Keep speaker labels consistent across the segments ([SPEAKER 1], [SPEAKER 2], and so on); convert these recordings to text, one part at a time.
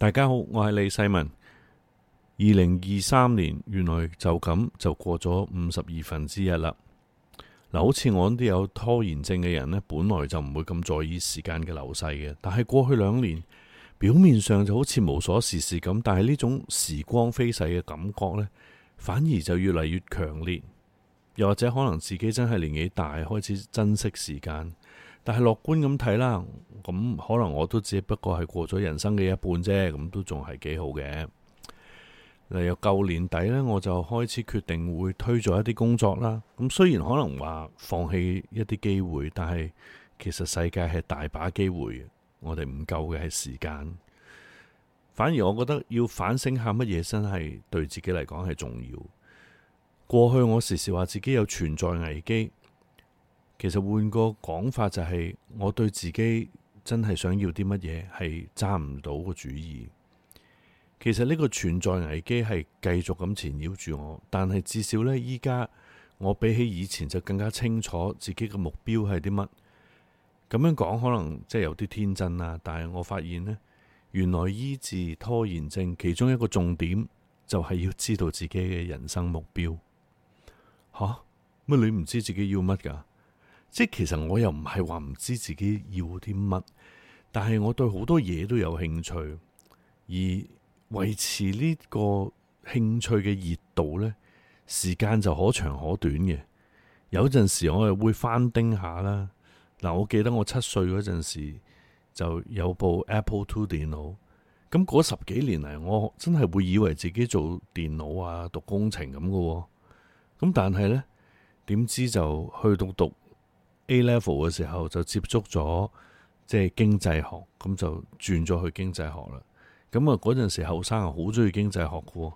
[SPEAKER 1] 大家好，我係李世民。二零二三年原來就咁就過咗五十二分之一啦。嗱，好似我啲有拖延症嘅人呢，本來就唔會咁在意時間嘅流逝嘅。但係過去兩年，表面上就好似無所事事咁，但係呢種時光飛逝嘅感覺呢，反而就越嚟越強烈。又或者可能自己真係年紀大，開始珍惜時間。但係樂觀咁睇啦，咁可能我都只不過係過咗人生嘅一半啫，咁都仲係幾好嘅。例如舊年底呢，我就開始決定會推咗一啲工作啦。咁雖然可能話放棄一啲機會，但係其實世界係大把機會，我哋唔夠嘅係時間。反而我覺得要反省下乜嘢真係對自己嚟講係重要。過去我時時話自己有存在危機。其實換個講法就係我對自己真係想要啲乜嘢係揸唔到個主意。其實呢個存在危機係繼續咁纏繞住我，但係至少呢，依家我比起以前就更加清楚自己嘅目標係啲乜。咁樣講可能即係有啲天真啦，啊，但係我發現呢，原來醫治拖延症其中一個重點就係要知道自己嘅人生目標。吓？啊，乜你唔知自己要乜㗎？即係其實我又唔係話唔知自己要啲乜，但係我對好多嘢都有興趣。而維持呢個興趣嘅熱度咧，時間就可長可短嘅。有陣時我又會翻叮下啦。嗱，我記得我七歲陣時就有部 Apple Two 電腦，咁嗰十幾年嚟，我真係會以為自己做電腦啊，讀工程咁嘅。咁但係咧，點知就去到讀。A level 嘅時候就接觸咗即係經濟學，咁就轉咗去經濟學啦。咁啊嗰陣時後生啊，好中意經濟學嘅，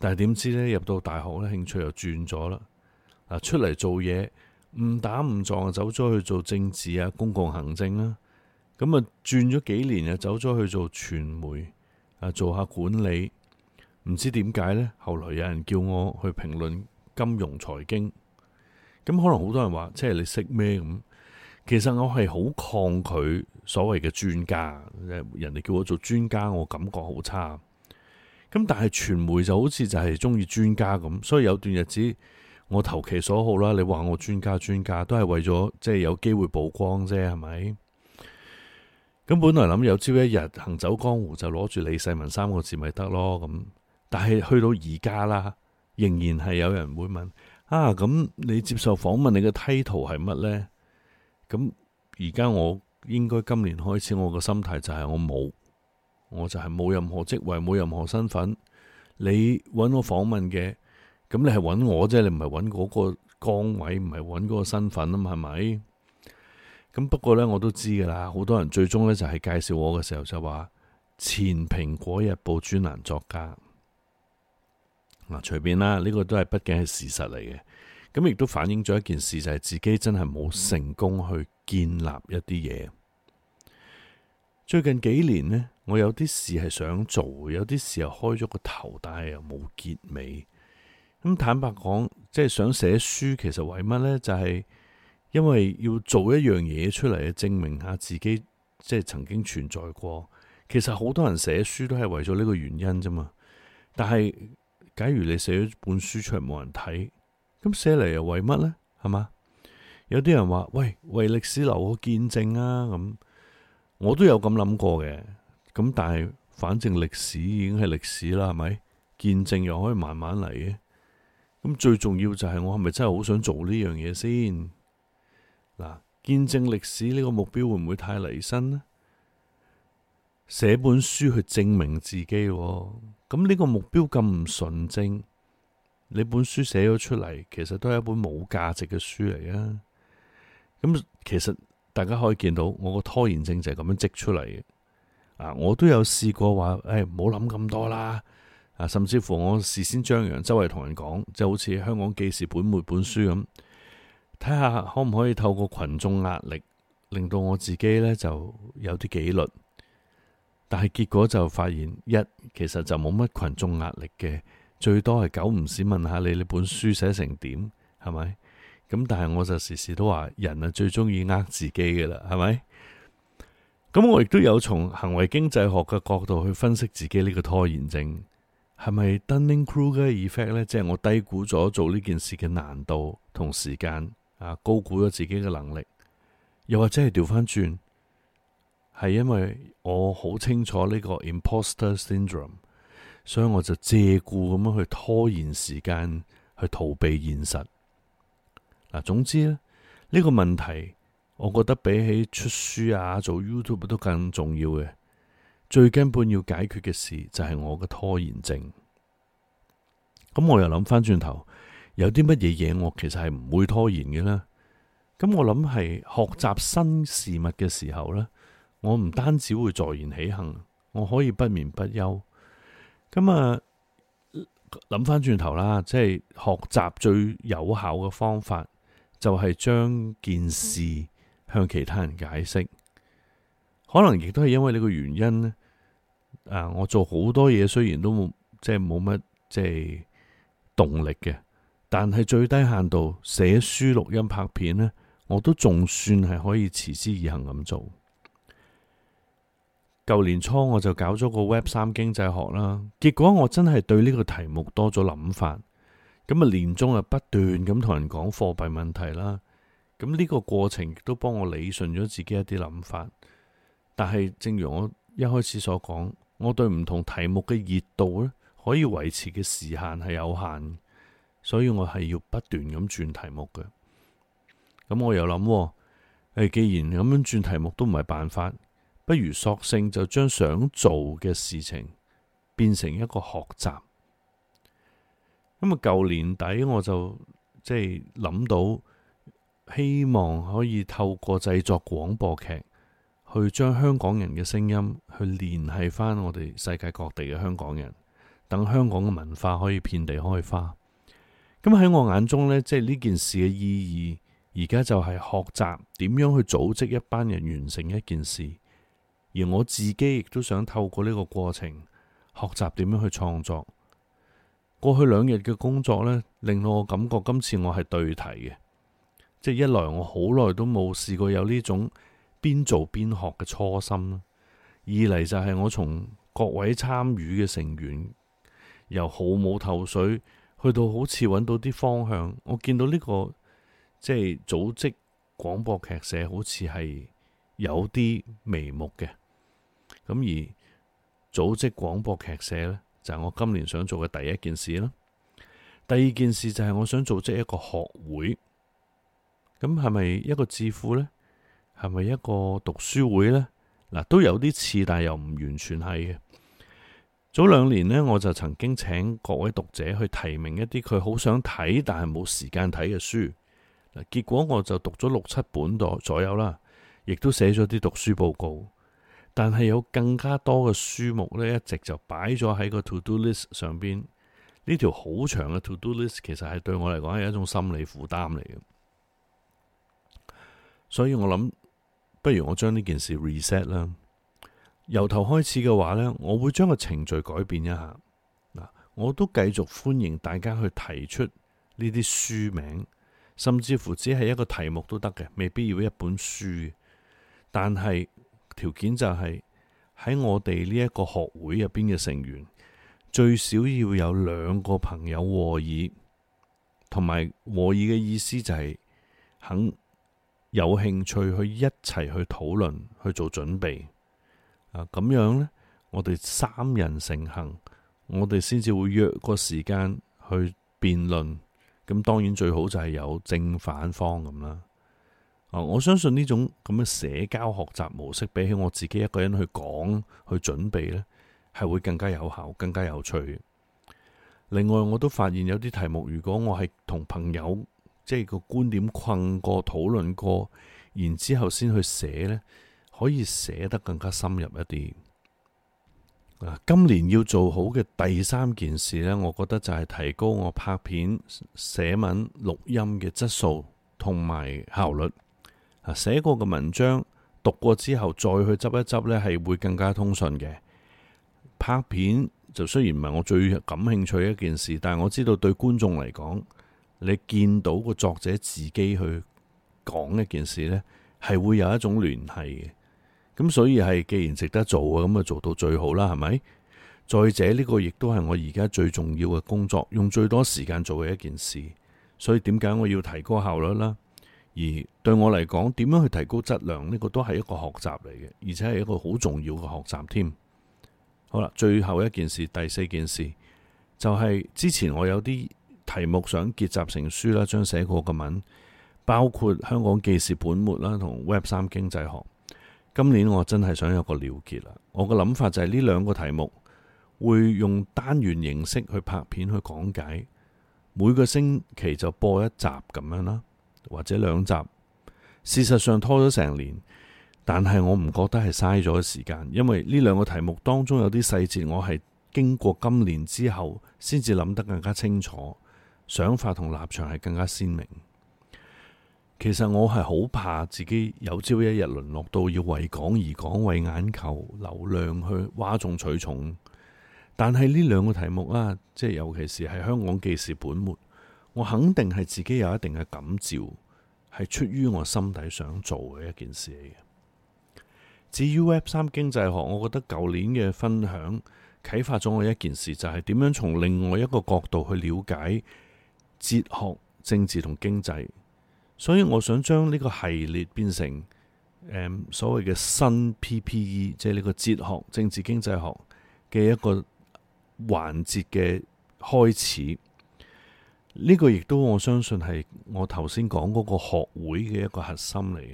[SPEAKER 1] 但係點知咧，入到大學咧，興趣又轉咗啦。嗱，出嚟做嘢誤打誤撞走咗去做政治啊、公共行政啦。咁啊轉咗幾年又走咗去做傳媒啊，做下管理，唔知點解咧。後來有人叫我去評論金融財經。咁可能好多人話，即係你識咩咁？其實我係好抗拒所謂嘅專家，人哋叫我做專家，我感覺好差。咁但係傳媒就好似就係中意專家咁，所以有段日子我投其所好啦。你話我專家，專家都係為咗即係有機會曝光啫，係咪？咁本來諗有朝一日行走江湖就攞住李世民三個字咪得咯咁，但係去到而家啦，仍然係有人會問。啊，咁你接受訪問，你個 title 係乜呢？咁而家我應該今年開始，我個心態就係我冇，我就係冇任何職位，冇任何身份。你揾我訪問嘅，咁你係揾我啫，你唔係揾嗰個崗位，唔係揾嗰個身份啊？係咪？咁不過呢，我都知噶啦，好多人最終呢，就係介紹我嘅時候就話，前蘋果日報專欄作家。嗱，隨便啦，呢個都係畢竟係事實嚟嘅，咁亦都反映咗一件事，就係自己真係冇成功去建立一啲嘢。最近幾年呢，我有啲事係想做，有啲事又開咗個頭，但係又冇結尾。咁坦白講，即係想寫書，其實為乜呢？就係因為要做一樣嘢出嚟，證明下自己，即係曾經存在過。其實好多人寫書都係為咗呢個原因啫嘛。但係，假如你寫咗本書出嚟冇人睇，咁寫嚟又為乜呢？係嘛？有啲人話喂，為歷史留個見證啊！咁我都有咁諗過嘅。咁但係，反正歷史已經係歷史啦，係咪？見證又可以慢慢嚟嘅。咁最重要就係我係咪真係好想做呢樣嘢先？嗱，見證歷史呢個目標會唔會太離身呢？寫本書去證明自己，咁呢個目標咁唔純正，你本書寫咗出嚟，其實都係一本冇價值嘅書嚟啊。咁其實大家可以見到，我個拖延症就係咁樣積出嚟啊。我都有試過話，誒、哎，唔好諗咁多啦啊。甚至乎我事先張揚，周圍同人講，就好似香港記事本每本書咁，睇下可唔可以透過群眾壓力，令到我自己呢就有啲紀律。但係結果就發現一其實就冇乜群眾壓力嘅，最多係久唔時，問下你呢本書寫成點係咪？咁但係我就時時都話人啊，最中意呃自己嘅啦，係咪？咁我亦都有從行為經濟學嘅角度去分析自己呢個拖延症係咪 Dunning-Kruger effect 呢，即係、就是、我低估咗做呢件事嘅難度同時間啊，高估咗自己嘅能力，又或者係調翻轉。係因為我好清楚呢個 imposter syndrome，所以我就借故咁樣去拖延時間，去逃避現實。嗱，總之咧，呢個問題，我覺得比起出書啊、做 YouTube 都更重要嘅。最根本要解決嘅事就係我嘅拖延症。咁我又諗翻轉頭，有啲乜嘢嘢我其實係唔會拖延嘅呢？咁我諗係學習新事物嘅時候呢。我唔單止會坐言起行，我可以不眠不休。咁啊，諗翻轉頭啦，即係學習最有效嘅方法就係、是、將件事向其他人解釋。嗯、可能亦都係因為呢個原因呢，啊，我做好多嘢，雖然都即係冇乜即係動力嘅，但係最低限度寫書、錄音、拍片呢，我都仲算係可以持之以恆咁做。舊年初我就搞咗個 Web 3經濟學啦，結果我真係對呢個題目多咗諗法，咁啊年中啊不斷咁同人講貨幣問題啦，咁、這、呢個過程都幫我理順咗自己一啲諗法。但係正如我一開始所講，我對唔同題目嘅熱度咧，可以維持嘅時限係有限，所以我係要不斷咁轉題目嘅。咁我又諗，誒，既然咁樣轉題目都唔係辦法。不如索性就將想做嘅事情變成一個學習。咁啊，舊年底我就即係諗到，希望可以透過製作廣播劇，去將香港人嘅聲音去聯繫翻我哋世界各地嘅香港人，等香港嘅文化可以遍地開花。咁喺我眼中呢，即係呢件事嘅意義，而家就係學習點樣去組織一班人完成一件事。而我自己亦都想透過呢個過程學習點樣去創作。過去兩日嘅工作咧，令到我感覺今次我係對題嘅，即係一來我好耐都冇試過有呢種邊做邊學嘅初心；二嚟就係我從各位參與嘅成員由毫冇頭緒去到好似揾到啲方向，我見到呢個即係組織廣播劇社好似係有啲眉目嘅。咁而組織廣播劇社呢，就係我今年想做嘅第一件事啦。第二件事就係我想組織一個學會。咁係咪一個智庫呢？係咪一個讀書會呢？嗱，都有啲似，但又唔完全係嘅。早兩年呢，我就曾經請各位讀者去提名一啲佢好想睇但係冇時間睇嘅書。嗱，結果我就讀咗六七本左左右啦，亦都寫咗啲讀書報告。但係有更加多嘅書目咧，一直就擺咗喺個 to do list 上邊。呢條好長嘅 to do list 其實係對我嚟講係一種心理負擔嚟嘅。所以我諗，不如我將呢件事 reset 啦，由頭開始嘅話呢，我會將個程序改變一下。嗱，我都繼續歡迎大家去提出呢啲書名，甚至乎只係一個題目都得嘅，未必要一本書。但係。條件就係喺我哋呢一個學會入邊嘅成員最少要有兩個朋友和議，同埋和議嘅意思就係肯有興趣去一齊去討論去做準備。啊，咁樣呢，我哋三人成行，我哋先至會約個時間去辯論。咁當然最好就係有正反方咁啦。我相信呢種咁嘅社交學習模式，比起我自己一個人去講去準備，呢係會更加有效、更加有趣。另外，我都發現有啲題目，如果我係同朋友，即係個觀點困過、討論過，然之後先去寫，呢可以寫得更加深入一啲。今年要做好嘅第三件事呢，我覺得就係提高我拍片、寫文、錄音嘅質素同埋效率。啊！寫過嘅文章讀過之後，再去執一執呢係會更加通順嘅。拍片就雖然唔係我最感興趣嘅一件事，但係我知道對觀眾嚟講，你見到個作者自己去講一件事呢係會有一種聯繫嘅。咁所以係，既然值得做嘅，咁啊做到最好啦，係咪？再者，呢個亦都係我而家最重要嘅工作，用最多時間做嘅一件事，所以點解我要提高效率啦？而對我嚟講，點樣去提高質量呢，呢個都係一個學習嚟嘅，而且係一個好重要嘅學習添。好啦，最後一件事，第四件事就係、係、之前我有啲題目想結集成書啦，將寫過嘅文，包括香港記事本末啦，同 Web 三經濟學。今年我真係想有個了結啦。我個諗法就係呢兩個題目會用單元形式去拍片去講解，每個星期就播一集咁樣啦。或者兩集，事實上拖咗成年，但係我唔覺得係嘥咗時間，因為呢兩個題目當中有啲細節，我係經過今年之後先至諗得更加清楚，想法同立場係更加鮮明。其實我係好怕自己有朝一日淪落到要為講而講，為眼球流量去嘩眾取寵。但係呢兩個題目啊，即係尤其是係香港記事本末。我肯定係自己有一定嘅感召，係出於我心底想做嘅一件事嚟嘅。至於 Web 3經濟學，我覺得舊年嘅分享啟發咗我一件事，就係點樣從另外一個角度去了解哲學、政治同經濟。所以我想將呢個系列變成，嗯、所謂嘅新 PPE，即係呢個哲學、政治、經濟學嘅一個環節嘅開始。呢個亦都我相信係我頭先講嗰個學會嘅一個核心嚟嘅。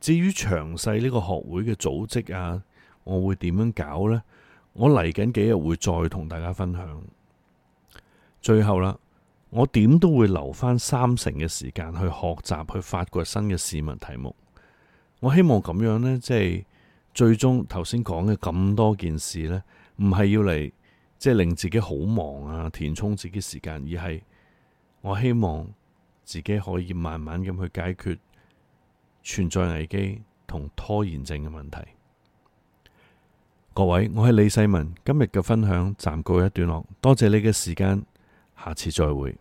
[SPEAKER 1] 至於詳細呢個學會嘅組織啊，我會點樣搞咧？我嚟緊幾日會再同大家分享。最後啦，我點都會留翻三成嘅時間去學習，去發掘新嘅市民題目。我希望咁樣咧，即係最終頭先講嘅咁多件事咧，唔係要嚟即係令自己好忙啊，填充自己時間，而係。我希望自己可以慢慢咁去解決存在危機同拖延症嘅問題。各位，我係李世民，今日嘅分享暫告一段落，多謝你嘅時間，下次再會。